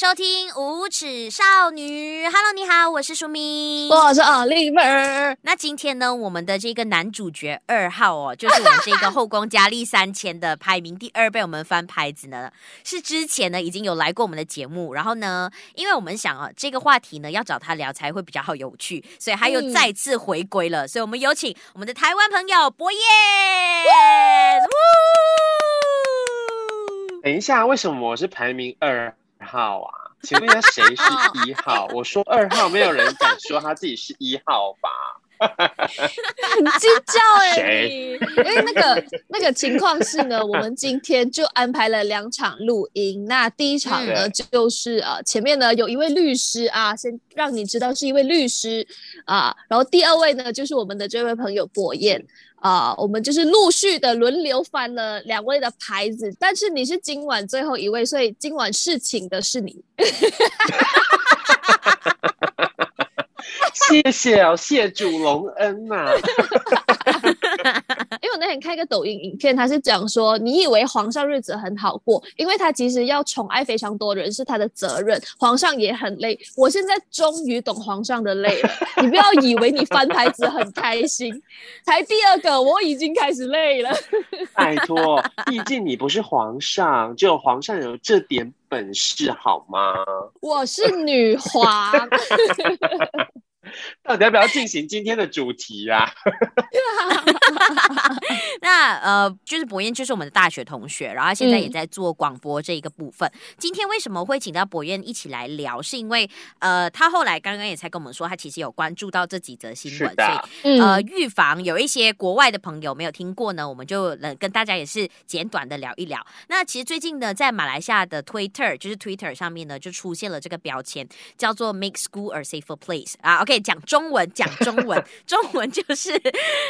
收聽無恥少女，Hello，你好，我是淑敏。我是奧利妹兒。那今天呢，我們的這個男主角二號哦，就是我們這個後宮佳麗三千的排名第二，被我們翻牌子呢，是之前呢已經有來過我們的節目，然後呢，因為我們想啊，這個話題呢要找他聊才會比較好有趣，所以他又再次回歸了，嗯、所以我們有請我們的台灣朋友柏諺。Yeah! Woo! 等一下，為什麼我是排名二？號啊，請問一下誰是一號？ 我說二號，沒有人敢說他自己是一號吧？ 很計較哎，誰因為那個 那個情況是呢，我們今天就安排了兩場錄音。那第一場呢，嗯、就是呃、啊，前面呢有一位律師啊，先讓你知道是一位律師啊，然後第二位呢，就是我們的這位朋友柏諺。啊、呃，我們就是陸續的輪流翻了兩位的牌子，但是你是今晚最後一位，所以今晚侍寢的是你。謝謝哦，謝主隆恩吶、啊。 那個抖音影片，他是講說，你以為皇上日子很好過，因為他其實要寵愛非常多人是他的責任，皇上也很累。我現在終於懂皇上的累了， 你不要以為你翻牌子很開心，才第二個我已經開始累了， 拜託，畢竟你不是皇上，就皇上有這點本事好嗎？我是女皇。 到底要不要進行今天的主題啊？ 那呃，就是柏諺，就是我們的大學同學，然後現在也在做廣播這一個部分。嗯、今天為什麼會請到柏諺一起來聊？是因為呃，他後來剛剛也才跟我們說，他其實有關注到這幾則新聞，的所以、嗯、呃，預防有一些國外的朋友沒有聽過呢，我們就能跟大家也是簡短的聊一聊。那其實最近呢，在馬來西亞的 Twitter，就是 Twitter 上面呢，就出現了這個標籤，叫做 Make School a Safer Place 啊，OK。講中文，講中文，中文就是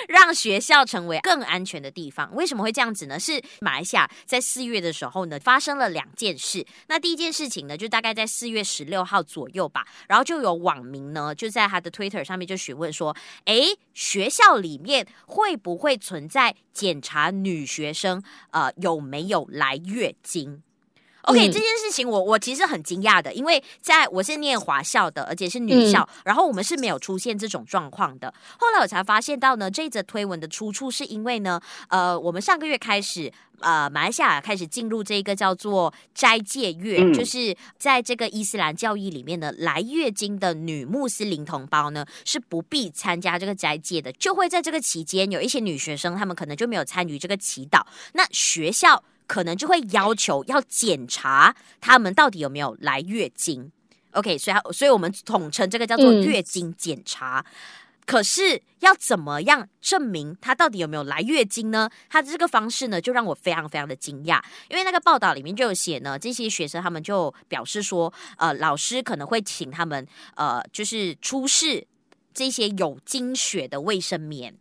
讓學校成為更安全的地方。為什麼會這樣子呢？是馬來西亞在四月的時候呢，發生了兩件事。那第一件事情呢，就大概在四月十六號左右吧，然後就有網民呢，就在他的 Twitter 上面就詢問說：“哎，學校裡面會不會存在檢查女學生呃有沒有來月經？” OK，嗯、這件事情我我其實很驚訝的，因為在我是念華校的，而且是女校，嗯、然後我們是沒有出現這種狀況的。後來我才發現到呢，這一則推文的出處是因為呢，呃，我們上個月開始，呃，馬來西亞開始進入這個叫做齋戒月，嗯、就是在這個伊斯蘭教義裡面呢，來月經的女穆斯林同胞呢是不必參加這個齋戒的，就會在這個期間有一些女學生她們可能就沒有參與這個祈禱，那學校。可能就會要求要檢查他們到底有沒有來月經，OK？所以，所以我們統稱這個叫做月經檢查。嗯、可是要怎麼樣證明他到底有沒有來月經呢？他這個方式呢，就讓我非常非常的驚訝，因為那個報道裡面就有寫呢，這些學生他們就表示說，呃，老師可能會請他們，呃，就是出示這些有經血的衛生棉。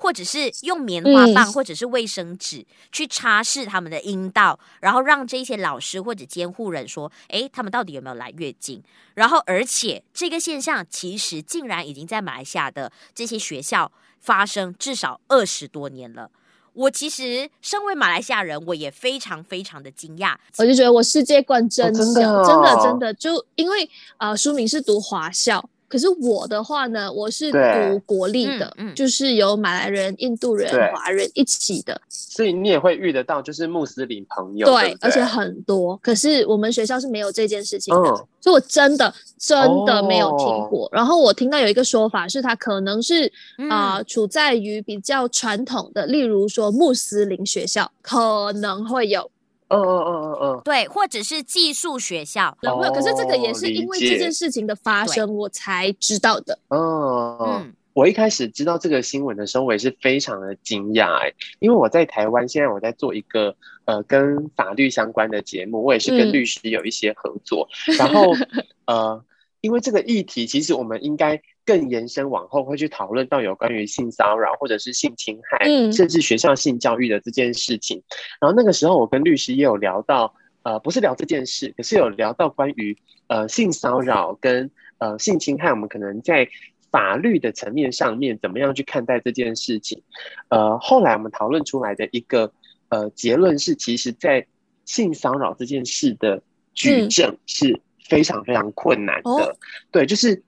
或者是用棉花棒，或者是衛生紙去擦拭他們的陰道，嗯、然後讓這些老師或者監護人說：“哎，他們到底有沒有來月經？”然後，而且這個現象其實竟然已經在馬來西亞的這些學校發生至少二十多年了。我其實身為馬來西亞人，我也非常非常的驚訝，我就覺得我世界觀真的、哦、真的、啊、真的，真的就因為呃，書名是讀華校。可是我的話呢，我是讀國立的，對就是由馬來人、印度人、對華人一起的，所以你也會遇得到，就是穆斯林朋友。對，對對，而且很多。可是我們學校是沒有這件事情的，嗯、所以我真的真的沒有聽過。哦、然後我聽到有一個說法是，他可能是啊、嗯呃，處在於比較傳統的，例如說穆斯林學校可能會有。哦哦哦哦哦，oh, oh, oh, oh. 對，或者是寄宿學校，然後、oh, 可是這個也是因為這件事情的發生，解對我才知道的。哦、oh, 嗯、我一開始知道這個新聞的時候，我也是非常的驚訝、欸、因為我在台灣，現在我在做一個呃跟法律相關的節目，我也是跟律師有一些合作，嗯、然後 呃，因為這個議題，其實我們應該。更延伸往後會去討論到有關於性騷擾或者是性侵害，甚至學校性教育的這件事情。然後那個時候我跟律師也有聊到，呃，不是聊這件事，可是有聊到關於呃性騷擾跟呃性侵害，我們可能在法律的層面上面怎麼樣去看待這件事情。呃，後來我們討論出來的一個呃結論是，其實，在性騷擾這件事的舉證是非常非常困難的。對，就是。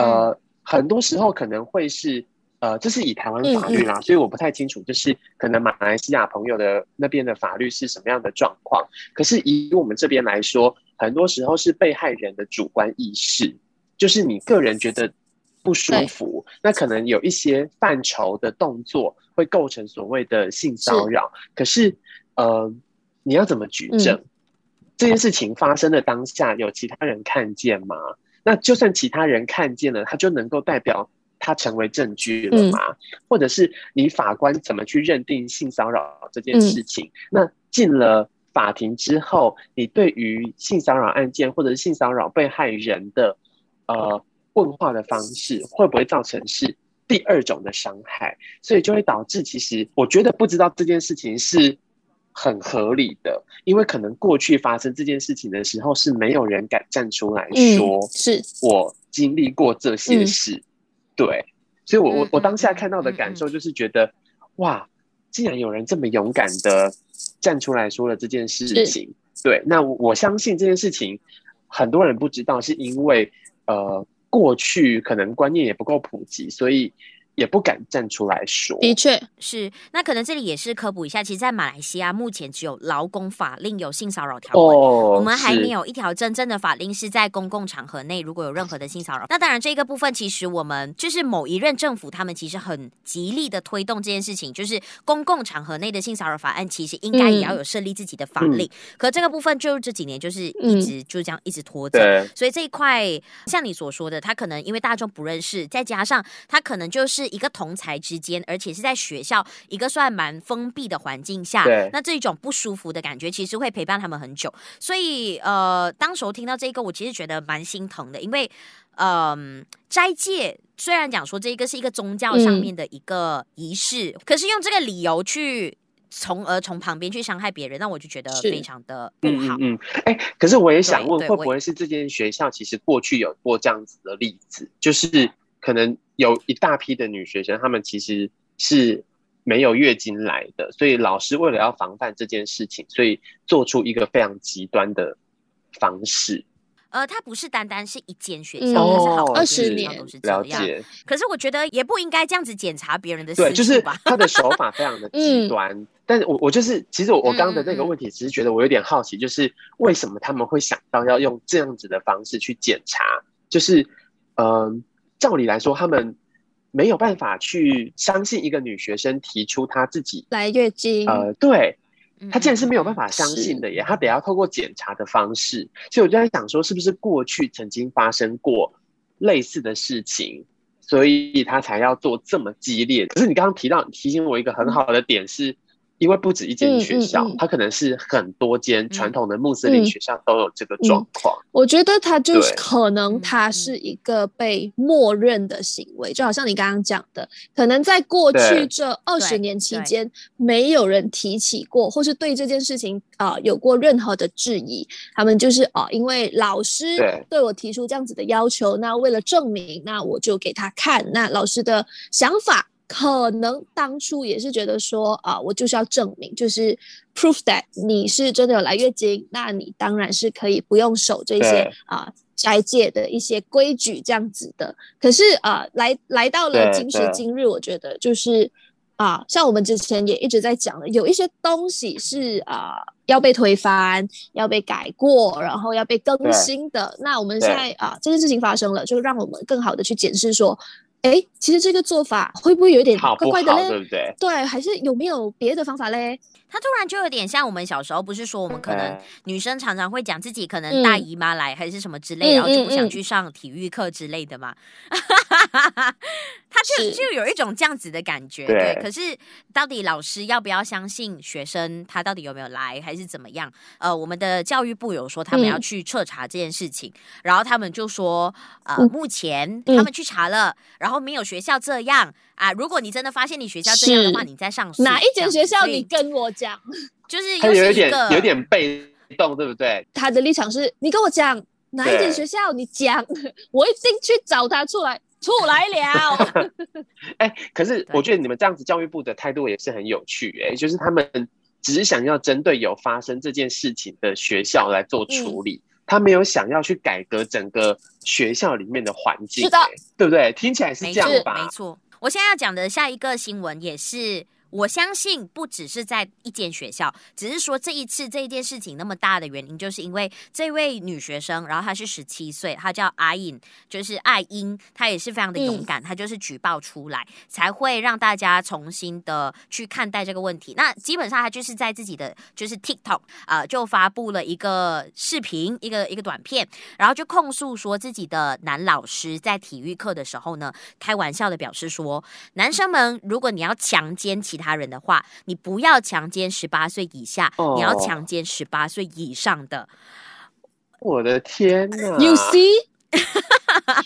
嗯、呃，很多時候可能會是，呃，這是以台灣法律啦，嗯嗯、所以我不太清楚，就是可能馬來西亞朋友的那邊的法律是什麼樣的狀況。可是以我們這邊來說，很多時候是被害人的主觀意識，就是你個人覺得不舒服，對那可能有一些範疇的動作會構成所謂的性騷擾。是。可是，呃，你要怎麼舉證？嗯、這件事情發生的當下，有其他人看見嗎？那就算其他人看見了，他就能夠代表他成為證據了嗎？嗯，或者是你法官怎麼去認定性騷擾這件事情？嗯，那進了法庭之後，你對於性騷擾案件或者是性騷擾被害人的呃問話的方式，會不會造成是第二種的傷害？所以就會導致其實我覺得不知道這件事情是。很合理的，因為可能過去發生這件事情的時候，是沒有人敢站出來說，是我經歷過這些事。嗯嗯、對，所以我我我當下看到的感受就是覺得，嗯哼嗯哼哇，竟然有人這麼勇敢的站出來說了這件事情，是對，那我相信這件事情很多人不知道，是因為呃，過去可能觀念也不夠普及，所以。也不敢站出來說，的確是。那可能這裡也是科普一下，其實，在馬來西亞目前只有勞工法令有性騷擾條文，oh, 我們還沒有一條真正的法令是在公共場合內如果有任何的性騷擾。是那當然，這個部分其實我們就是某一任政府，他們其實很極力的推動這件事情，就是公共場合內的性騷擾法案，其實應該也要有設立自己的法令。嗯、可這個部分就是這幾年就是一直就這樣一直拖着。嗯、所以這一塊，像你所說的，他可能因為大眾不認識，再加上他可能就是。一個同儕之間，而且是在學校一個算蠻封閉的環境下，對那這種不舒服的感覺，其實會陪伴他們很久。所以，呃，當時候聽到這個，我其實覺得蠻心疼的，因為，嗯、呃，齋戒雖然講說這個是一個宗教上面的一個儀式，嗯、可是用這個理由去，從而從旁邊去傷害別人，那我就覺得非常的不好。嗯，哎、嗯嗯欸，可是我也想問，我也會不會是這間學校其實過去有過這樣子的例子，就是可能？有一大批的女學生，她們其實是沒有月經來的，所以老師為了要防範這件事情，所以做出一個非常極端的方式。呃，他不是單單是一間學校，二十年是，是、哦、是了解。可是我覺得也不應該這樣子檢查別人的私事吧。對，就是他的手法非常的極端， 嗯、但是我我就是，其實我我剛、剛的那個問題，只是覺得我有點好奇，就是為什麼他們會想到要用這樣子的方式去檢查？就是，嗯、呃。照理來說，他們沒有辦法去相信一個女學生提出她自己來月經。呃，對，他竟然是沒有辦法相信的耶，他、嗯、得要透過檢查的方式。所以我就在想說是不是過去曾經發生過類似的事情，所以他才要做這麼激烈。可是你剛剛提到，你提醒我一個很好的點是，因為不止一間學校，它、嗯嗯嗯、可能是很多間傳統的穆斯林學校都有這個狀況。嗯嗯、我覺得它就是可能它是一個被默認的行為，對就好像你剛剛講的，可能在過去這二十年期間，沒有人提起過，或是對這件事情啊、呃、有過任何的質疑。他們就是哦、呃，因為老師對我提出這樣子的要求，對那為了證明，那我就給他看。那老師的想法，可能當初也是覺得說啊，我就是要證明，就是 proof that 你是真的有來月經，那你當然是可以不用守這些對啊齋戒的一些規矩這樣子的。可是啊，來來到了今時今日，我覺得就是啊，像我們之前也一直在講的，有一些東西是啊要被推翻、要被改過、然後要被更新的。對那我們現在對啊，這件事情發生了，就讓我們更好的去檢視說。哎、欸，其實這個做法會不會有點怪怪的嘞？好不好，對不對？對，還是有沒有別的方法嘞？他突然就有點像我們小時候，不是說我們可能女生常常會講自己可能大姨媽來還是什麼之類，然後就不想去上體育課之類的嘛。 他就是就有一種這樣子的感覺。對，可是到底老師要不要相信學生他到底有沒有來還是怎麼樣？呃，我們的教育部有說他們要去徹查這件事情，然後他們就說，呃，目前他們去查了，然後沒有學校這樣。啊！如果你真的發現你學校這樣的話，是你再上哪一間學校？你跟我講，對就是，是他有一點有一點被動，對不對？他的立場是：你跟我講哪一間學校你，你講對，我一定去找他出來出來了，哎、 欸，可是我覺得你們這樣子，教育部的態度也是很有趣哎、欸，對就是他們只是想要針對有發生這件事情的學校來做處理，嗯、他沒有想要去改革整個學校裡面的環境、欸，道對不對？聽起來是這樣吧？沒錯。沒我現在要講的下一個新聞也是。我相信不只是在一間學校，只是說這一次這件事情那麼大的原因，就是因為這位女學生，然後她是十七歲，她叫阿穎，就是艾因，她也是非常的勇敢，她就是舉報出來，嗯、才會讓大家重新的去看待這個問題。那基本上她就是在自己的就是 TikTok，啊、呃，就發佈了一個視頻，一個一個短片，然後就控訴說自己的男老師在體育課的時候呢，開玩笑的表示說，男生們，如果你要強姦其他他人的話，你不要強姦十八歲以下，Oh. 你要強姦十八歲以上的。我的天哪，啊！You see.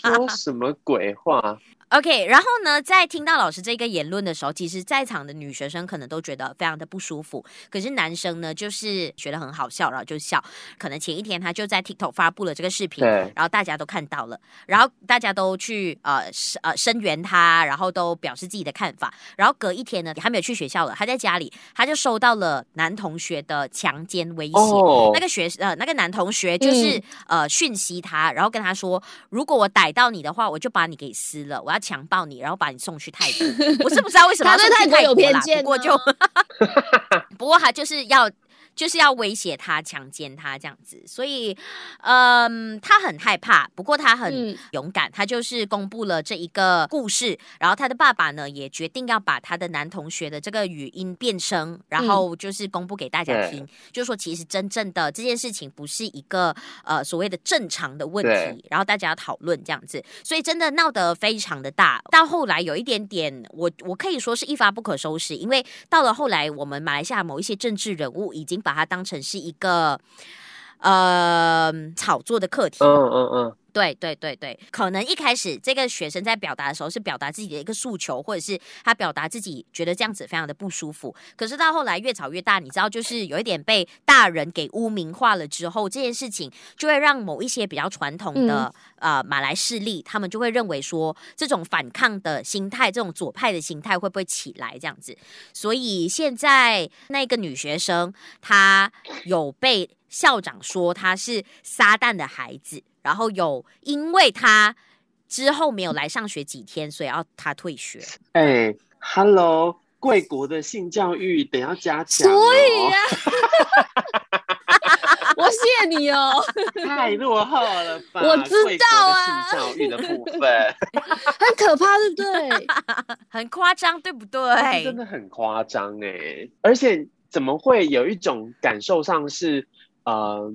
說什麼鬼話 ？OK，然後呢，在聽到老師這個言論的時候，其實，在場的女學生可能都覺得非常的不舒服。可是男生呢，就是覺得很好笑，然後就笑。可能前一天他就在 TikTok 發布了這個視頻，然後大家都看到了，然後大家都去呃呃聲援他，然後都表示自己的看法。然後隔一天呢，還沒有去學校了，他在家裡，他就收到了男同學的強姦威脅。Oh, 那個學呃那個男同學就是、嗯、呃訊息他，然後跟他說，如果我逮到你的話，我就把你給撕了！我要強暴你，然後把你送去泰國。我是不知道為什麼要送去 他對泰國有偏見、啊，不過就，不過他就是要。就是要威脅他，強姦他這樣子，所以，嗯，他很害怕，不過他很勇敢，嗯、他就是公布了這一個故事，然後他的爸爸呢也決定要把他的男同學的這個語音變聲，然後就是公布給大家聽，就說其實真正的這件事情不是一個呃所謂的正常的問題，對然後大家要討論這樣子，所以真的鬧得非常的大，到後來有一點點，我我可以說是一發不可收拾，因為到了後來，我們馬來西亞某一些政治人物已經。把它當成是一個，呃，炒作的課題。嗯嗯嗯。對對對對，可能一開始這個學生在表達的時候是表達自己的一個訴求，或者是他表達自己覺得這樣子非常的不舒服。可是到後來越吵越大，你知道，就是有一點被大人給污名化了之後，這件事情就會讓某一些比較傳統的、嗯、呃馬來勢力，他們就會認為說，這種反抗的心態，這種左派的心態會不會起來這樣子？所以現在那個女學生，她有被校長說她是撒旦的孩子。然後有，因為他之後沒有來上學幾天，所以要他退學。哎、欸，Hello，貴國的性教育得要加強。所以呀，我謝你哦， 太落後了吧。我知道啊，性教育的部分 很可怕，對不對？ 很誇張，對不對？真的很誇張哎、欸！而且怎麼會有一種感受上是，嗯、呃，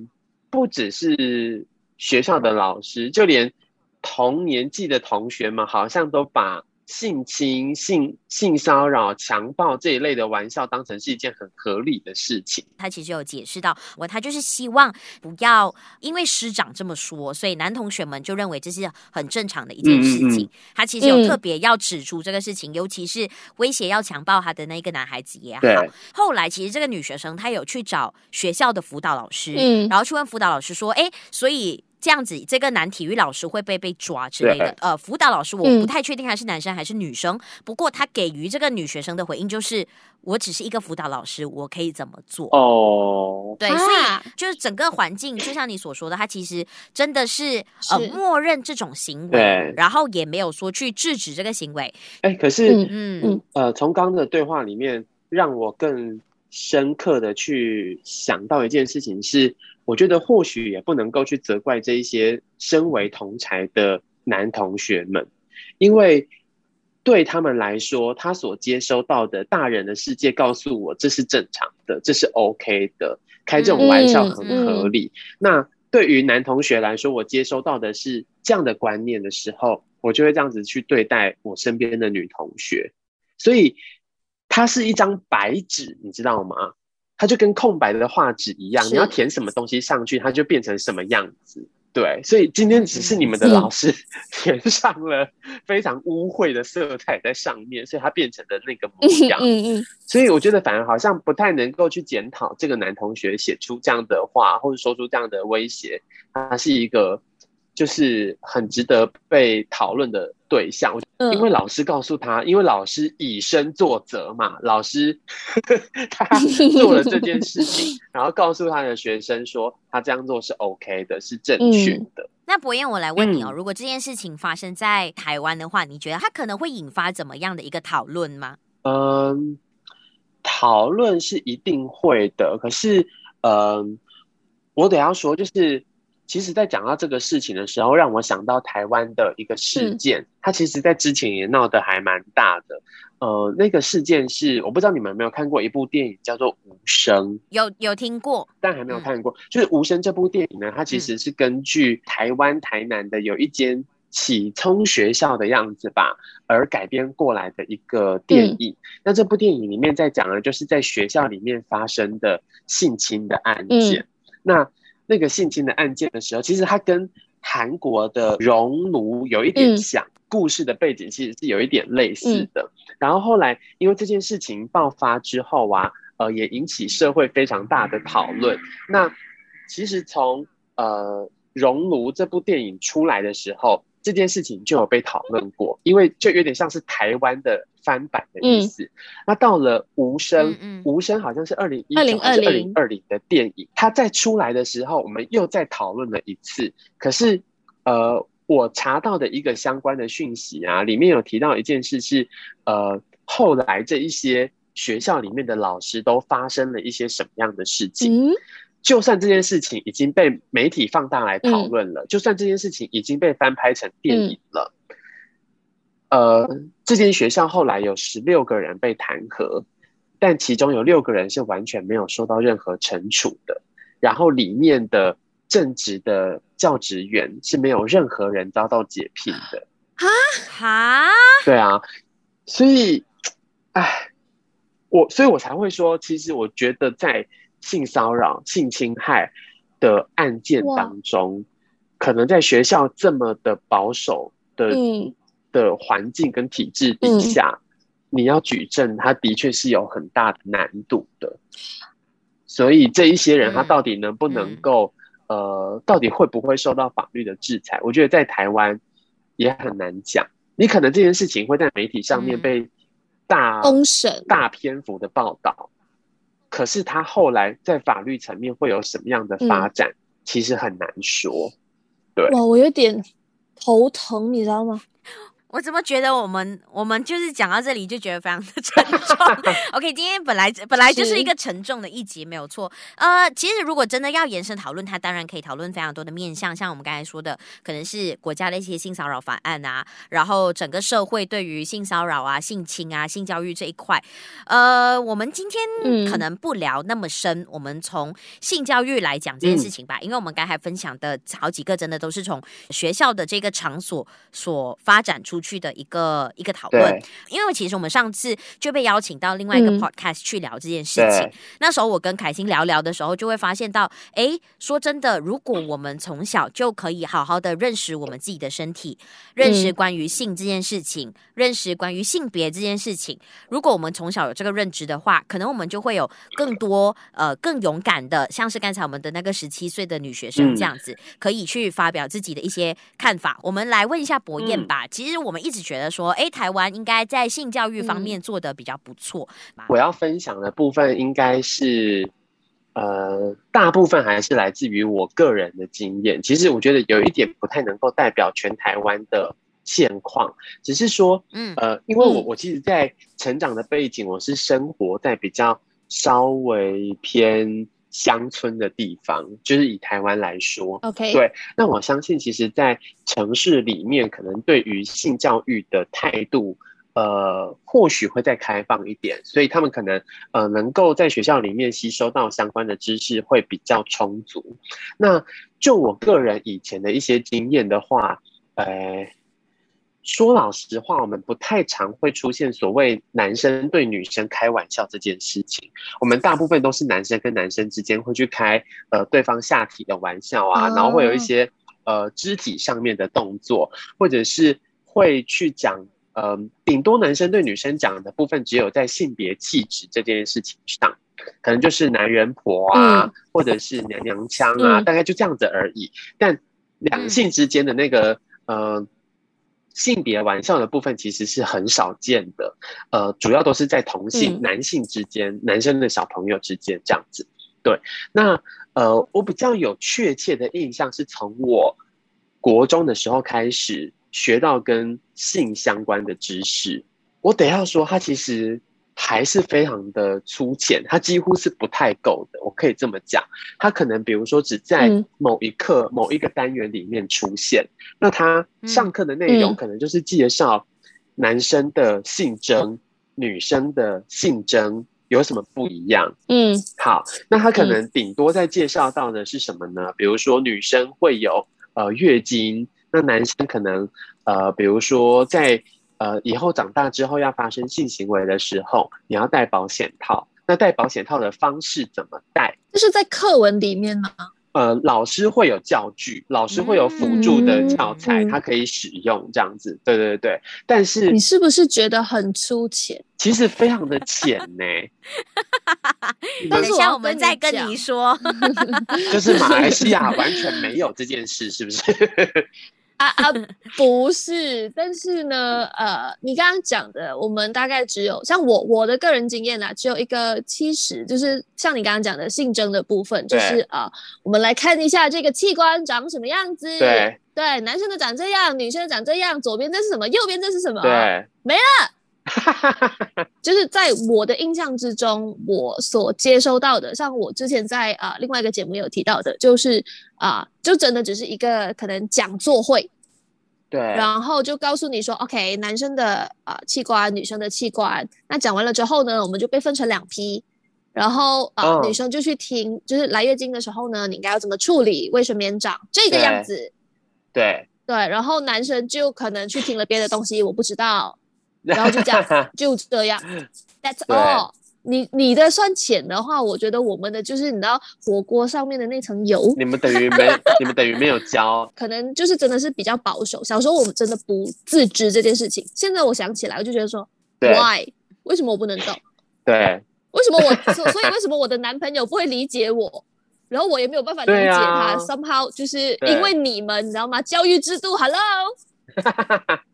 不只是。學校的老師，就連同年紀的同學們，好像都把性侵、性性騷擾、強暴這一類的玩笑當成是一件很合理的事情。他其實有解釋到，我他就是希望不要因為師長這麼說，所以男同學們就認為這是很正常的一件事情。嗯嗯嗯，他其實有特別要指出這個事情，嗯、尤其是威脅要強暴他的那個男孩子也好。對 後來，其實這個女學生她有去找學校的輔導老師，嗯，然後去問輔導老師說，哎、欸，所以。這樣子，這個男體育老師會被被抓之類的。對 呃，輔導老師我不太確定他是男生還是女生。嗯、不過他給予這個女學生的回應就是：“我只是一個輔導老師，我可以怎麼做？”哦，對，啊、所以就是整個環境，就像你所說的，他其實真的是，是呃，默認這種行為，對 然後也沒有說去制止這個行為。哎、欸，可是嗯，嗯，嗯呃，從剛剛的對話裡面，讓我更深刻的去想到一件事情是。我覺得或許也不能夠去責怪這一些身為同儕的男同學們，因為對他們來說，他所接收到的大人的世界告訴我這是正常的，這是 OK 的，開這種玩笑很合理。嗯嗯、那對於男同學來說，我接收到的是這樣的觀念的時候，我就會這樣子去對待我身邊的女同學。所以，它是一張白紙，你知道嗎？它就跟空白的畫紙一樣，你要填什麼東西上去，它就變成什麼樣子。是對，所以今天只是你們的老師填上了非常污穢的色彩在上面，所以它變成了那個模樣。嗯，嗯嗯，所以我覺得反而好像不太能夠去檢討這個男同學寫出這樣的話，或者說出這樣的威脅，他是一個。就是很值得被討論的對象，嗯、因為老師告訴他，因為老師以身作則嘛，老師 他做了這件事情， 然後告訴他的學生說，他這樣做是 OK 的，是正確的、嗯。那柏諺，我來問你哦，嗯、如果這件事情發生在台灣的話，你覺得他可能會引發怎麼樣的一個討論嗎？嗯，討論是一定會的，可是，嗯，我等下說，就是。其實，在講到這個事情的時候，讓我想到台灣的一個事件，嗯、它其實，在之前也鬧得還蠻大的。呃，那個事件是我不知道你們有沒有看過一部電影叫做《無聲》，有有聽過，但還沒有看過。嗯、就是《無聲》這部電影呢，它其實是根據台灣台南的有一間啟聰學校的樣子吧，而改編過來的一個電影。嗯、那這部電影裡面在講的就是在學校裡面發生的性侵的案件。嗯、那那個性侵的案件的時候，其實它跟韓國的《熔爐》有一點像，嗯、故事的背景其實是有一點類似的。嗯、然後後來因為這件事情爆發之後啊，呃，也引起社會非常大的討論。那其實從呃《熔爐》這部電影出來的時候，這件事情就有被討論過，嗯、因為就有點像是台灣的翻版的意思。嗯、那到了《無聲》嗯，嗯《無聲》好像是二零一九還是二零二零的電影。它在出來的時候，我們又再討論了一次。可是，呃，我查到的一個相關的訊息啊，裡面有提到一件事是，呃，後來這一些學校裡面的老師都發生了一些什麼樣的事情？嗯就算這件事情已經被媒體放大來討論了，嗯、就算這件事情已經被翻拍成電影了，嗯、呃，這間學校後來有十六個人被彈劾，但其中有六個人是完全沒有受到任何懲處的，然後裡面的正職的教職員是沒有任何人遭到解聘的啊啊！哈哈對啊，所以，哎，我所以，我才會說，其實我覺得在。性騷擾、性侵害的案件當中，哇可能在學校這麼的保守的、嗯、的環境跟體制底下，嗯、你要舉證，他的確是有很大的難度的。所以這一些人，他到底能不能夠，嗯嗯、呃，到底會不會受到法律的制裁？我覺得在台灣也很難講。你可能這件事情會在媒體上面被大、嗯、公審、大篇幅的報道。可是他後來在法律層面會有什麼樣的發展，嗯、其實很難說。對，哇，我有點頭疼，你知道嗎？我怎麼覺得我們我們就是講到這裡就覺得非常的沉重 ？OK，今天本來本來就是一個沉重的一集，是沒有錯。呃，其實如果真的要延伸討論，它當然可以討論非常多的面向，像我們剛才說的，可能是國家的一些性騷擾法案啊，然後整個社會對於性騷擾啊、性侵啊、性教育這一塊，呃，我們今天可能不聊那麼深，嗯、我們從性教育來講這件事情吧，嗯、因為我們剛才分享的好幾個，真的都是從學校的這個場所所發展出。去的一個一個討論，對因為其實我們上次就被邀請到另外一個 podcast、嗯、去聊這件事情。對那時候我跟凱欣聊聊的時候，就會發現到，哎，說真的，如果我們從小就可以好好的認識我們自己的身體，嗯、認識關於性這件事情，認識關於性別這件事情，如果我們從小有這個認知的話，可能我們就會有更多呃更勇敢的，像是剛才我們的那個十七歲的女學生這樣子，嗯、可以去發表自己的一些看法。嗯、我們來問一下柏諺吧，嗯、其實我。我們一直覺得說，誒，台灣應該在性教育方面做得比較不錯。我要分享的部分應該是，呃，大部分還是來自於我個人的經驗。其實我覺得有一點不太能夠代表全台灣的現況，只是說，嗯，呃，因為我我其實，在成長的背景，我是生活在比較稍微偏鄉村的地方，就是以台灣來說，OK，對。那我相信，其實，在城市裡面，可能對於性教育的態度，呃，或許會再開放一點，所以他們可能呃，能夠在學校裡面吸收到相關的知識會比較充足。那就我個人以前的一些經驗的話，呃。說老實話，我們不太常會出現所謂男生對女生開玩笑這件事情。我們大部分都是男生跟男生之間會去開呃對方下體的玩笑啊，然後會有一些呃肢體上面的動作，或者是會去講嗯、呃，頂多男生對女生講的部分，只有在性別氣質這件事情上，可能就是男人婆啊，或者是娘娘腔啊，大概就這樣子而已。但兩性之間的那個嗯、呃性別玩笑的部分其實是很少見的，呃，主要都是在同性男性之間、嗯、男生的小朋友之間這樣子。對，那呃，我比較有確切的印象是從我國中的時候開始學到跟性相關的知識。我得要說，他其實。還是非常的粗淺，它幾乎是不太夠的。我可以這麼講，他可能比如說只在某一課、嗯、某一個單元裡面出現。那他上課的內容可能就是介紹男生的性徵、嗯嗯、女生的性徵有什麼不一樣。嗯，好，那他可能頂多在介紹到的是什麼呢？嗯嗯、比如說女生會有呃月經，那男生可能呃比如說在。呃，以後長大之後要發生性行為的時候，你要戴保險套。那戴保險套的方式怎麼戴？就是在課文裡面嗎？呃，老師會有教具，老師會有輔助的教材，嗯、他可以使用這樣子。嗯、對對對，但是你是不是覺得很粗淺？其實非常的淺呢。但是我們再跟你說，就是馬來西亞完全沒有這件事，是不是？ 啊 啊，不是，但是呢，呃，你剛剛講的，我們大概只有像我我的個人經驗呢只有一個七十，就是像你剛剛講的性徵的部分，對就是啊、呃，我們來看一下這個器官長什麼樣子，對，對，男生的長這樣，女生的長這樣，左邊這是什麼，右邊這是什麼，對，沒了。哈哈哈哈哈！ 就是在我的印象之中，我所接收到的，像我之前在啊、呃、另外一個節目有提到的，就是啊、呃，就真的只是一個可能講座會，對，然後就告訴你說，OK，男生的啊、呃、器官，女生的器官，那講完了之後呢，我們就被分成兩批，然後啊、呃 oh. 女生就去聽，就是來月經的時候呢，你應該要怎麼處理，為什麼長這個樣子，對對，對，然後男生就可能去聽了別的東西，我不知道。 然後就這樣，就這樣。嗯 That's all 對。你你的算淺的話，我覺得我們的就是你知道火鍋上面的那層油，你們等於沒， 你們等於沒有教。可能就是真的是比較保守。小時候我們真的不自知這件事情。現在我想起來，我就覺得說對，Why？為什麼我不能動？對。為什麼我？所以為什麼我的男朋友不會理解我？ 然後我也沒有辦法理解他。啊、Somehow，就是因為你們，對你知道嗎？教育制度，Hello。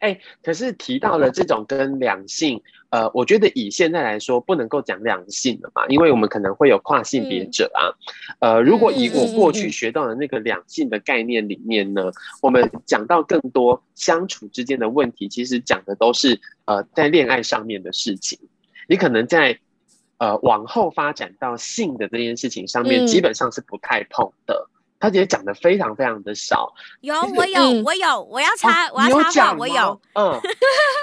哎，可是提到了這種跟兩性，呃，我覺得以現在來說，不能夠講兩性的嘛，因為我們可能會有跨性別者啊。嗯、呃，如果以我過去學到的那個兩性的概念裡面呢，嗯、我們講到更多相處之間的問題，其實講的都是呃在戀愛上面的事情。你可能在呃往後發展到性的這件事情上面，嗯、基本上是不太碰的。他其實講的非常非常的少。有，我有，我有，我要插，我要插話，我有。嗯，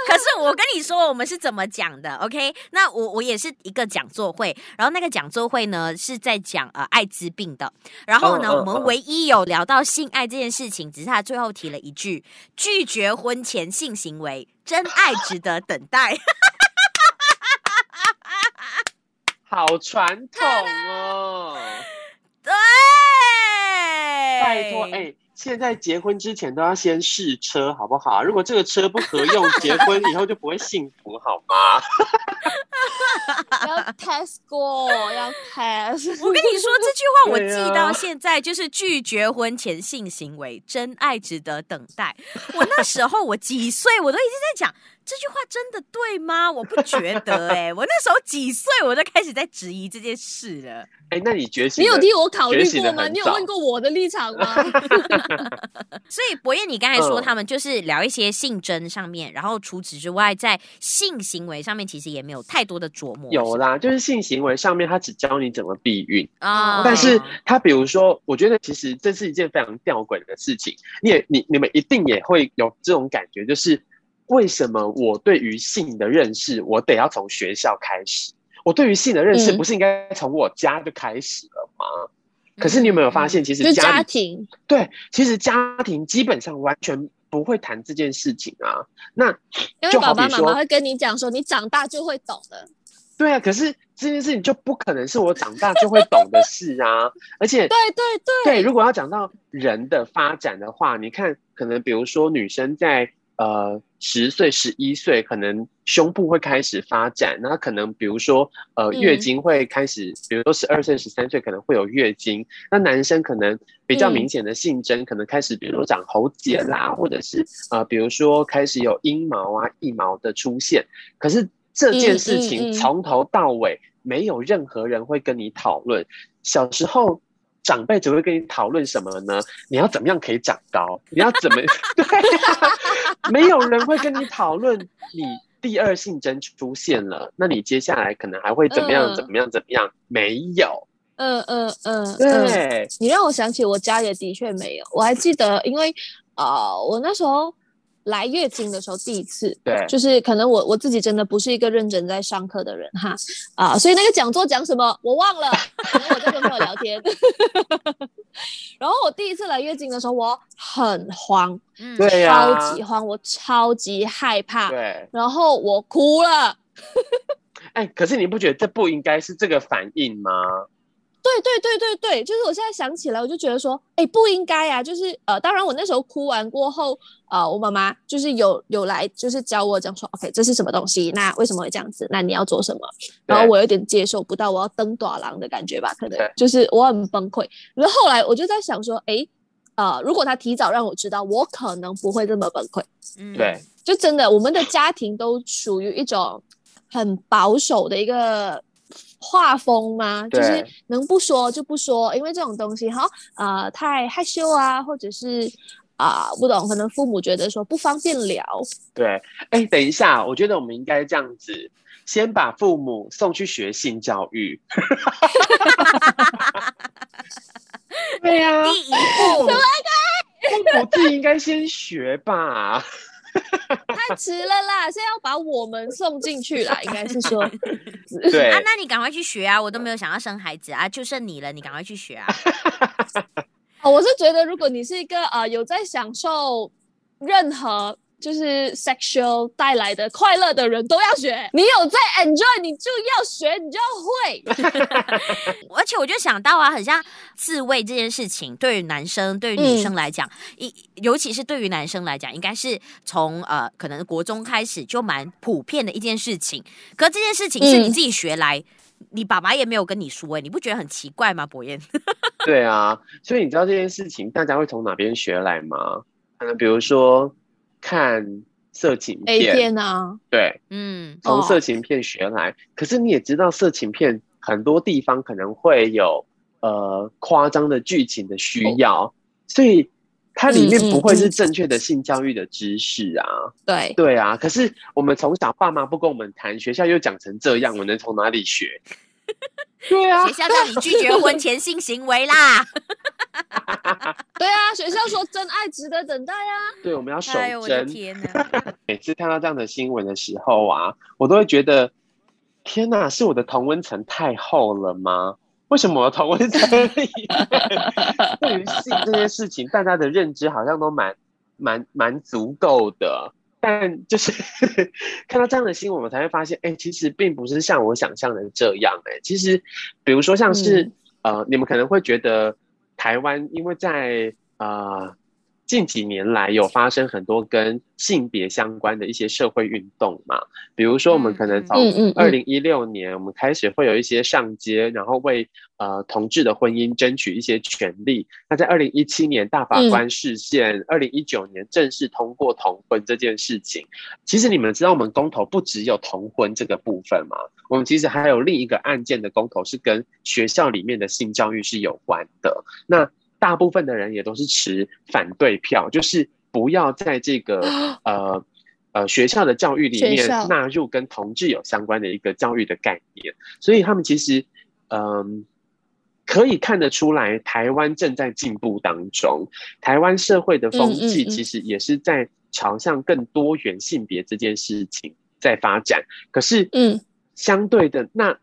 可是我跟你說，我們是怎麼講的？OK？那我我也是一個講座會，然後那個講座會呢是在講呃艾滋病的。然後呢，我們唯一有聊到性愛這件事情，只是他最後提了一句：拒絕婚前性行為，真愛值得等待。好傳統。拜託，哎、欸，現在結婚之前都要先試車，好不好，啊？如果這個車不合用， 結婚以後就不會幸福，好嗎？ 要 test 過，要 test。 我跟你說，這句話，我記到現在，就是拒絕婚前性行為，啊、真愛值得等待。我那時候 我幾歲，我都一直在講。這句話真的對嗎？我不覺得哎、欸， 我那時候幾歲，我就開始在質疑這件事了。哎、欸，那你覺得？你有替我考慮過嗎？你有問過我的立場嗎？ 所以柏諺，你剛才說、嗯、他們就是聊一些性徵上面，然後除此之外，在性行為上面其實也沒有太多的琢磨。有啦，就是性行為上面，他只教你怎麼避孕啊。哦、但是他比如說，我覺得其實這是一件非常吊詭的事情。你也你你們一定也會有這種感覺，就是。為什麼我對於性的認識，我得要從學校開始？我對於性的認識不是應該從我家就開始了嗎？嗯、可是你有沒有發現，其實家、嗯、就是、家庭對，其實家庭基本上完全不會談這件事情啊。那因為爸爸媽媽會跟你講說，你長大就會懂的。對啊，可是這件事情就不可能是我長大就會懂的事啊。 而且對對對，對，如果要講到人的發展的話，你看，可能比如說女生在。呃，十歲、十一歲可能胸部會開始發展，那可能比如說，呃，嗯、月經會開始，比如說十二歲、十三歲可能會有月經。那男生可能比較明顯的性徵，嗯、可能開始，比如說長喉結啦，或者是呃，比如說開始有陰毛啊、腋毛的出現。可是這件事情從頭到尾、嗯嗯嗯、沒有任何人會跟你討論。小時候。長輩只會跟你討論什麼呢？你要怎麼樣可以長高？你要怎麼？ 對、啊，沒有人會跟你討論你第二性徵出現了，那你接下來可能還會怎麼樣？怎麼樣？怎麼樣？沒有。嗯嗯嗯，呃呃、對，你讓我想起我家也的確沒有。我還記得，因為啊、呃，我那時候。來月經的時候，第一次，對，就是可能我我自己真的不是一個認真在上課的人哈啊、呃，所以那個講座講什麼我忘了，然後我就跟朋友聊天。 然後我第一次來月經的時候，我很慌，嗯，對超、嗯、超級慌，我超級害怕，對然後我哭了。哎、 欸，可是你不覺得這不應該是這個反應嗎？對對對對對，就是我現在想起來，我就覺得說，哎，不應該呀、啊！就是呃，當然我那時候哭完過後，呃，我媽媽就是有有來，就是教我講說，OK，對這是什麼東西？那為什麼會這樣子？那你要做什麼？然後我有點接受不到我要登大人的感覺吧，可能就是我很崩潰。然後後來我就在想說，哎，呃，如果他提早讓我知道，我可能不會這麼崩潰。嗯，對，就真的，我們的家庭都屬於一種很保守的一個畫風嗎？對就是能不說就不說，因為這種東西哈、呃，太害羞啊，或者是啊、呃，不懂，可能父母覺得說不方便聊。對，哎、欸，等一下，我覺得我們應該這樣子，先把父母送去學性教育。對呀，第一步。父母自己 應該先學吧。 太 遲了啦，現在要把我們送進去啦。 應該是說， 對 啊，那你趕快去學啊，我都沒有想要生孩子啊，就剩你了，你趕快去學啊， 啊。我是覺得如果你是一個呃有在享受任何。就是 sexual 帶來的快樂的人都要學，你有在 enjoy，你就要學，你就要會。 而且我就想到啊，很像自慰這件事情，對於男生對於女生來講，一、嗯、尤其是對於男生來講，應該是從呃可能國中開始就蠻普遍的一件事情。可這件事情是你自己學來，嗯、你爸爸也沒有跟你說，欸，哎，你不覺得很奇怪嗎，柏諺？ 對啊，所以你知道這件事情大家會從哪邊學來嗎？可能比如說。看色情片，A 片啊、對，嗯，從色情片學來。哦、可是你也知道，色情片很多地方可能會有呃誇張的劇情的需要，哦、所以它裡面不會是正確的性教育的知識啊。對、嗯嗯嗯，對啊。可是我們從小爸媽不跟我們談，學校又講成這樣，我能從哪裡學？對啊， 學校叫你拒絕婚前性行為啦。 對啊，學校說真愛值得等待啊。對，我們要守貞。哎、我 每次看到這樣的新聞的時候啊，我都會覺得，天哪，是我的同溫層太厚了嗎？為什麼我的同溫層？對於性這件事情，大家的認知好像都蠻、蠻、蠻足夠的。但就是看到這樣的新聞，我們才會發現，哎、欸，其實並不是像我想象的這樣、欸。哎，其實，比如說像是、嗯、呃，你們可能會覺得台灣，因為在啊。呃近幾年來有發生很多跟性別相關的一些社會運動嘛，比如說我們可能從二零一六年我們開始會有一些上街，然後為呃同志的婚姻爭取一些權利。那在二零一七年大法官釋憲，二零一九年正式通過同婚這件事情。其實你們知道我們公投不只有同婚這個部分嘛，我們其實還有另一個案件的公投是跟學校裡面的性教育是有關的。那大部分的人也都是持反對票，就是不要在這個呃呃學校的教育裡面納入跟同志有相關的一個教育的概念。學校。所以他們其實嗯、呃，可以看得出來，台灣正在進步當中。台灣社會的風氣其實也是在朝向更多元性別這件事情在發展。可是、嗯，嗯，相對的，那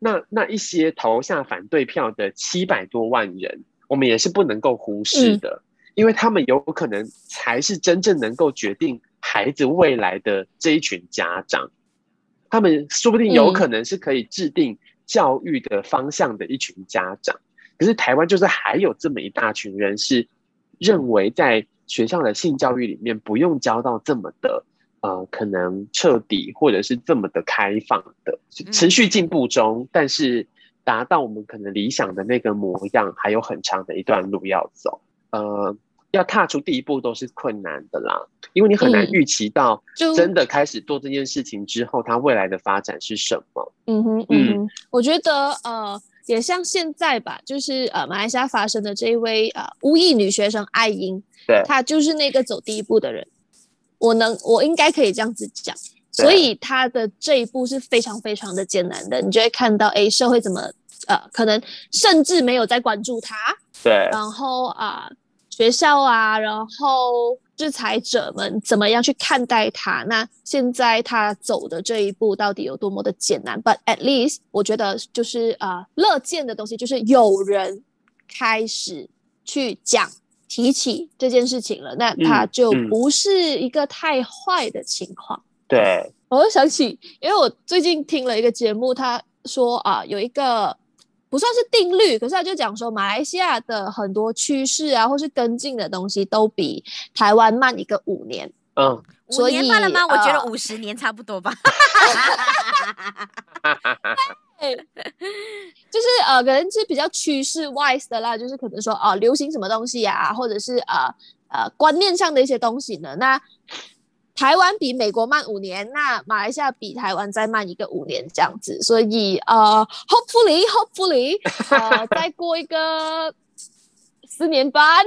那那一些投下反對票的七百多萬人。我們也是不能夠忽視的，嗯，因為他們有可能才是真正能夠決定孩子未來的這一群家長，他們說不定有可能是可以制定教育的方向的一群家長。嗯，可是台灣就是還有這麼一大群人是認為在學校的性教育裡面不用教到這麼的呃，可能徹底或者是這麼的開放的，嗯，持續進步中，但是。達到我們可能理想的那個模樣，還有很長的一段路要走。呃，要踏出第一步都是困難的啦，因為你很難預期到，就真的開始做這件事情之後，嗯、它未來的發展是什麼。嗯哼，嗯哼，嗯，我覺得呃，也像現在吧，就是呃，馬來西亞發生的這一位呃，巫裔女學生艾因，對，她就是那個走第一步的人。我能，我應該可以這樣子講，所以她的這一步是非常非常的艱難的。對你就會看到，哎、欸，社會怎麼？呃，可能甚至沒有在關注他。對。然後啊、呃，學校啊，然後制裁者們怎麼樣去看待他？那現在他走的這一步到底有多麼的艱難對？But at least，我覺得就是呃，樂見的東西就是有人開始去講、提起這件事情了。那他就不是一個太壞的情況。嗯嗯、對。我又想起，因為我最近聽了一個節目，他說啊、呃，有一個。不算是定律，可是他就講說，馬來西亞的很多趨勢啊，或是跟進的東西，都比台灣慢一個五年。嗯，所以，五年慢了嗎？呃、我覺得五十年差不多吧。哈哈哈哈哈！哈哈哈哈哈！就是呃，可能是比較趨勢 wise 的啦，就是可能說哦、呃，流行什麼東西啊，或者是呃呃觀念上的一些東西呢？那。台灣比美國慢五年，那馬來西亞比台灣再慢一個五年這樣子，所以呃，hopefully，hopefully，呃，hopefully, hopefully, 呃 再過一個四年半，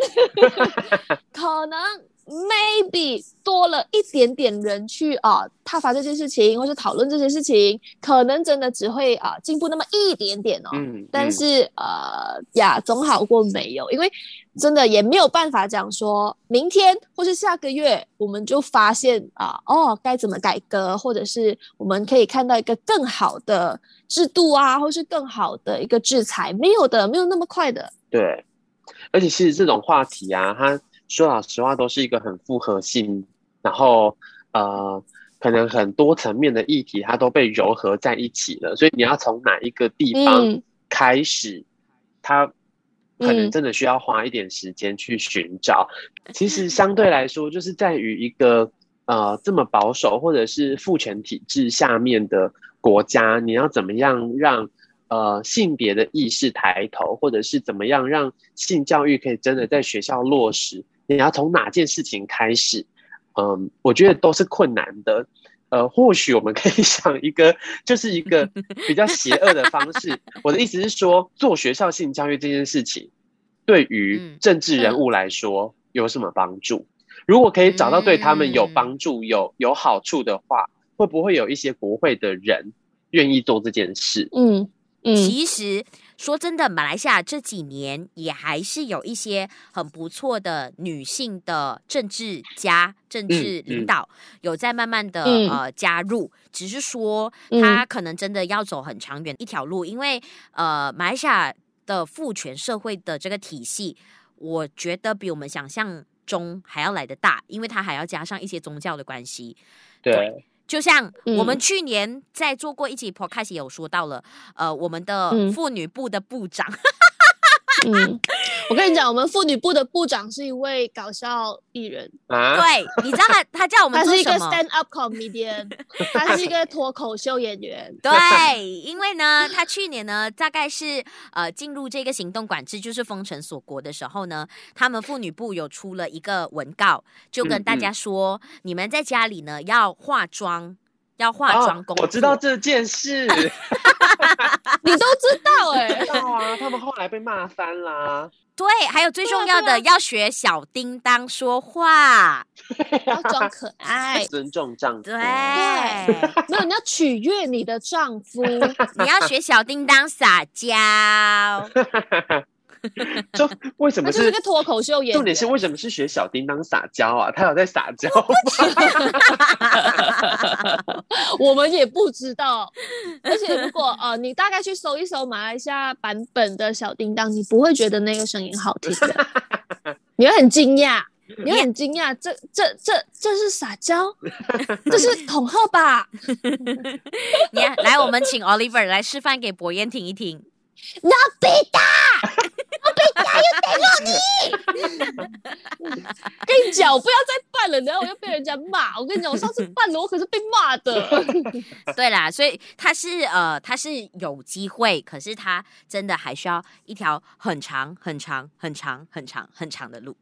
可能 maybe 多了一點點人去啊、呃，踏伐這件事情，或是討論這些事情，可能真的只會啊、呃、進步那麼一點點哦。嗯嗯、但是呃呀，yeah, 總好過沒有，因為。真的也沒有辦法講說，明天或是下個月我們就發現啊，哦，該怎麼改革，或者是我們可以看到一個更好的制度啊，或是更好的一個制裁，沒有的，沒有那麼快的。對，而且其實這種話題啊，它說老實話都是一個很複合性，然後呃，可能很多層面的議題它都被揉合在一起了，所以你要從哪一個地方開始，嗯、它。可能真的需要花一點時間去尋找。其實相對來說，就是在於一個呃這麼保守或者是父權體制下面的國家，你要怎麼樣讓呃性別的意識抬頭，或者是怎麼樣讓性教育可以真的在學校落實？你要從哪件事情開始？嗯，我覺得都是困難的。呃，或許我們可以想一個，就是一個比較邪惡的方式。 我的意思是說，做學校性教育這件事情，對於政治人物來說有什麼幫助？嗯、如果可以找到對他們有幫助、嗯、有有好處的話，嗯、會不會有一些國會的人願意做這件事？嗯嗯，嗯其實。說真的，馬來西亞這幾年也還是有一些很不錯的女性的政治家、政治領導、嗯嗯、有在慢慢的、嗯、呃加入，只是說他、嗯、可能真的要走很長遠一條路，因為呃馬來西亞的父權社會的這個體系，我覺得比我們想象中還要來得大，因為它還要加上一些宗教的關係。對。對就像我們去年在做過一期 podcast，也有說到了，嗯、呃，我們的婦女部的部長。嗯 嗯，我跟你講，我們婦女部的部長是一位搞笑藝人。啊，對，你知道他，他叫我們做，他是一個 stand up comedian，他是一個脫口秀演員。 對，因為呢，他去年呢，大概是呃進入這個行動管制，就是封城鎖國的時候呢，他們婦女部有出了一個文告，就跟大家說，嗯嗯，你們在家裡呢要化妝，要化妝工。工、哦。我知道這件事。 啊、你都知道哎、欸， 知道啊！他們後來被罵翻啦、啊。 對，還有最重要的，對啊對啊，要學小叮當說話，要裝可愛， 尊重丈夫。對，對 沒有，你要取悅你的丈夫， 你要學小叮當撒嬌。 就為什麼是脫口秀演員？重點是為什麼是學小叮噹撒嬌啊？他有在撒嬌行、啊、 我們也不知道。而且如果呃，你大概去搜一搜馬來西亞版本的小叮噹，你不會覺得那個聲音好聽的，你會很驚訝，你會很驚訝 Yeah.，這這這這是撒嬌， 這是恐嚇吧？ yeah, 來，我們請 Oliver 來示範給柏諺聽一聽。我被打，我被打又打到你。跟 你講，我不要再辦了，然後我又被人家罵。我跟你講，我上次辦了，我可是被罵的。 對啦，所以他是呃，他是有機會，可是他真的還需要一條很長、很長、很長、很長、很長的路。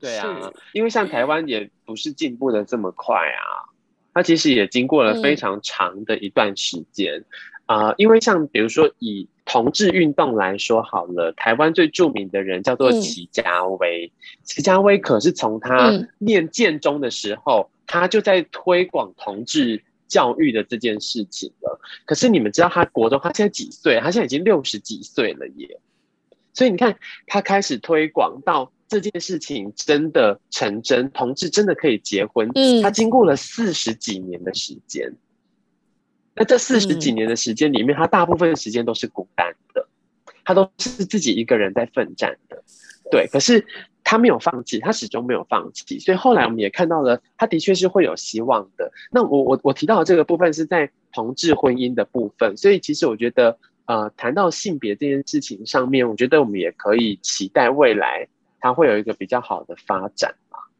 對啊， 因為像台灣也不是進步得這麼快啊，他其實也經過了非常長的一段時間。 嗯啊、呃，因為像比如說以同志運動來說好了，台灣最著名的人叫做祁家威，嗯、祁家威可是從他念建中的時候，嗯、他就在推廣同志教育的這件事情了。可是你們知道他國中他現在幾歲？他現在已經六十幾歲了耶！所以你看，他開始推廣到這件事情真的成真，同志真的可以結婚，嗯、他經過了四十幾年的時間。那這四十幾年的時間裡面，他大部分的時間都是孤單的，他都是自己一個人在奮戰的，對。可是他沒有放棄，他始終沒有放棄，所以後來我們也看到了，他的確是會有希望的。那我我我提到的這個部分是在同志婚姻的部分，所以其實我覺得，呃，談到性別這件事情上面，我覺得我們也可以期待未來它會有一個比較好的發展。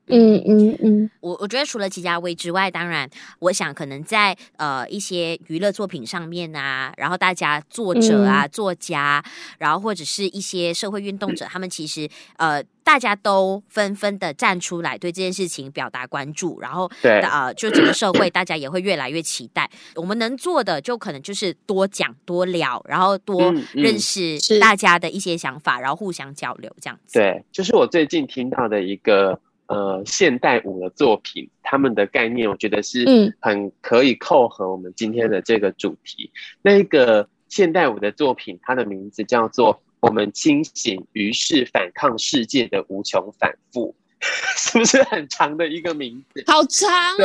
嗯嗯嗯，嗯嗯我我覺得除了戚家威之外，當然，我想可能在呃一些娛樂作品上面啊，然後大家作者啊、嗯、作家，然後或者是一些社會運動者，嗯、他們其實呃大家都紛紛的站出來對這件事情表達關注，然後對啊、呃，就這個社會大家也會越來越期待。嗯、我們能做的就可能就是多講多聊，然後多認識大家的一些想法，嗯嗯、然後互相交流這樣子。對，就是我最近聽到的一個。呃，現代舞的作品，他們的概念，我覺得是很可以扣合我們今天的這個主題。嗯。那個現代舞的作品，它的名字叫做《我們清醒於是反抗世界的無窮反覆》， 是不是很長的一個名字？好長啊！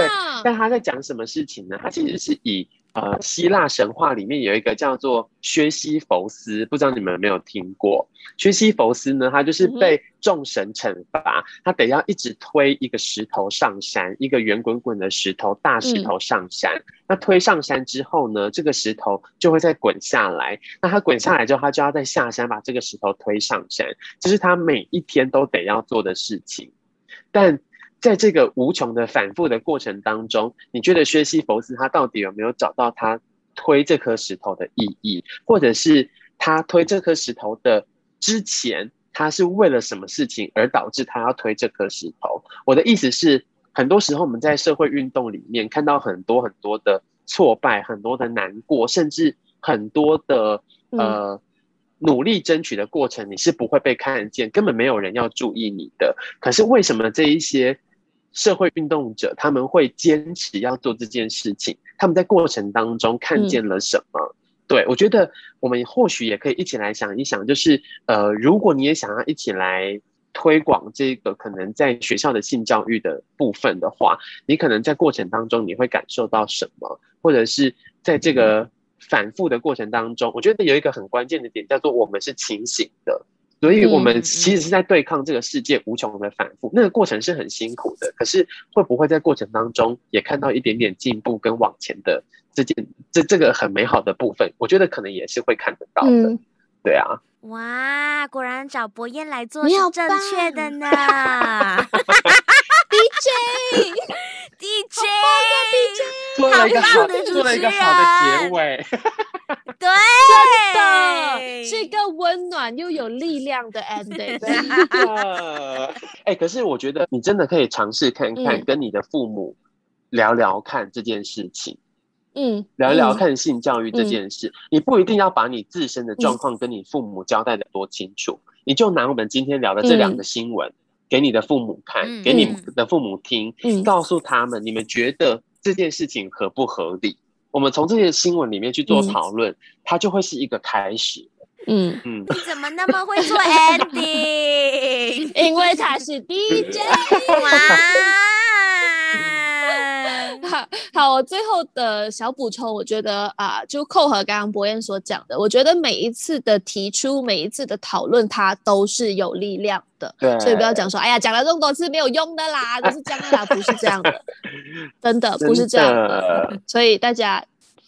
對，但他在講什麼事情呢？他其實是以。呃，希臘神話裡面有一個叫做薛西弗斯，不知道你們有沒有聽過？薛西弗斯呢，他就是被眾神懲罰，嗯嗯，他得要一直推一個石頭上山，一個圓滾滾的石頭，大石頭上山。嗯嗯，那推上山之後呢，這個石頭就會再滾下來。那他滾下來之後，他就要再下山把這個石頭推上山，這，就是他每一天都得要做的事情。但在這個無窮的反復的過程當中，你覺得薛西弗斯他到底有沒有找到他推這顆石頭的意義，或者是他推這顆石頭的之前，他是為了什麼事情而導致他要推這顆石頭？我的意思是，很多時候我們在社會運動裡面看到很多很多的挫敗、很多的難過，甚至很多的呃努力爭取的過程，你是不會被看見，根本沒有人要注意你的。可是為什麼這一些？社會運動者他們會堅持要做這件事情，他們在過程當中看見了什麼？嗯、對，我覺得我們或許也可以一起來想一想，就是呃，如果你也想要一起來推廣這個可能在學校的性教育的部分的話，你可能在過程當中你會感受到什麼，或者是在這個反復的過程當中，嗯、我覺得有一個很關鍵的點，叫做我們是清醒的。所以，我們其實是在對抗這個世界無窮的反複，嗯、那個過程是很辛苦的。可是，會不會在過程當中也看到一點點進步跟往前的這件這這個很美好的部分？我覺得可能也是會看得到的。嗯、對啊，哇，果然找柏諺來做是正確的呢。好 DJ，DJ，做了個好的，做了一個好的結尾。對，真的是一個溫暖又有力量的 ending。哎，可是我覺得你真的可以嘗試看看，跟你的父母聊聊看這件事情。嗯，聊聊看性教育這件事，你不一定要把你自身的狀況跟你父母交代得多清楚，你就拿我們今天聊的這兩個新聞。給你的父母看，嗯、給你的父母聽，嗯、告訴他們你們覺得這件事情合不合理？嗯、我們從這些新聞裡面去做討論，嗯、它就會是一個開始。嗯嗯，嗯，你怎麼那麼會做 ending？ 因為他是 DJ 王。 好，我最後的小補充，我覺得啊、呃，就扣合剛剛柏諺所講的，我覺得每一次的提出，每一次的討論，它都是有力量的，對所以不要講說，哎呀，講了這麼多次沒有用的啦， 都是這樣啦，不是這樣的， 真的不是這樣的，的所以大家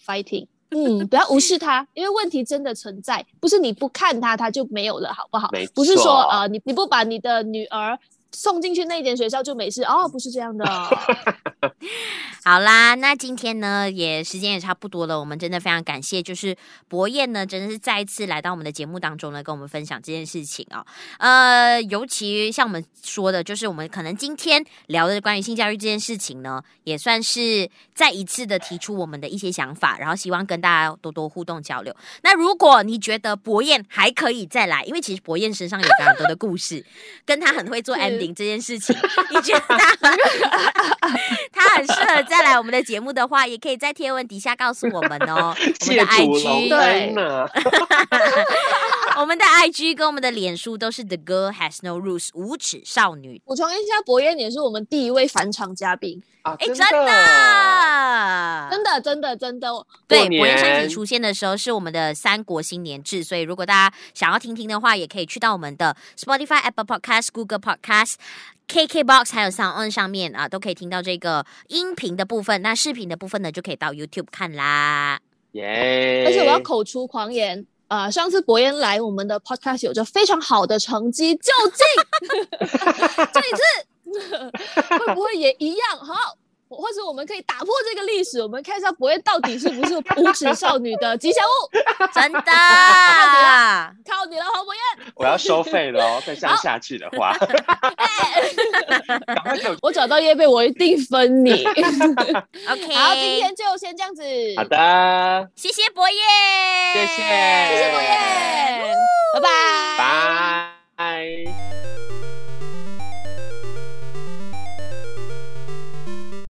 fighting，嗯，不要無視它， 因為問題真的存在，不是你不看它，它就沒有了，好不好？錯不是說啊、呃，你你不把你的女兒。送進去那間學校就沒事哦，不是這樣的。 好啦，那今天呢，也時間也差不多了，我們真的非常感謝，就是柏諺呢真的是再一次來到我們的節目當中呢，跟我們分享這件事情啊、哦。呃，尤其像我們說的，就是我們可能今天聊的關於性教育這件事情呢，也算是再一次的提出我們的一些想法，然後希望跟大家多多互動交流。那如果你覺得柏諺還可以再來，因為其實柏諺身上有非常多的故事， 跟他很會做 MV。 這件事情，你覺得他很適 合再來我們的節目的話， 也可以在貼文底下告訴我們哦。我們的 IG，對， 我們的 IG 跟我們的臉書都是 The Girl Has No Rules 無恥少女。我補充一下，柏諺也是我們第一位返場嘉賓哎，真的，真的，真的，真的。對，年柏諺體出現的時候是我們的三國新年制，所以如果大家想要聽聽的話，也可以去到我們的 Spotify、Apple Podcast、Google Podcast。KKbox 還有 SoundOn 上面啊，都可以聽到這個音頻的部分。那視頻的部分呢，就可以到 YouTube 看啦。耶 Yeah！而且我要口出狂言啊、呃，上次柏諺來我們的 Podcast 有着非常好的成績，究竟這一次 會不會也一樣好？或者我們可以打破這個歷史，我們看一下柏諺到底是不是無恥少女的吉祥物？真的，靠你了，靠你了，黃柏諺，我要收費了。再這樣下去的話，我找到業配，我一定分你。OK，好，今天就先這樣子。好的，謝謝柏諺，謝謝，謝謝柏諺，拜拜。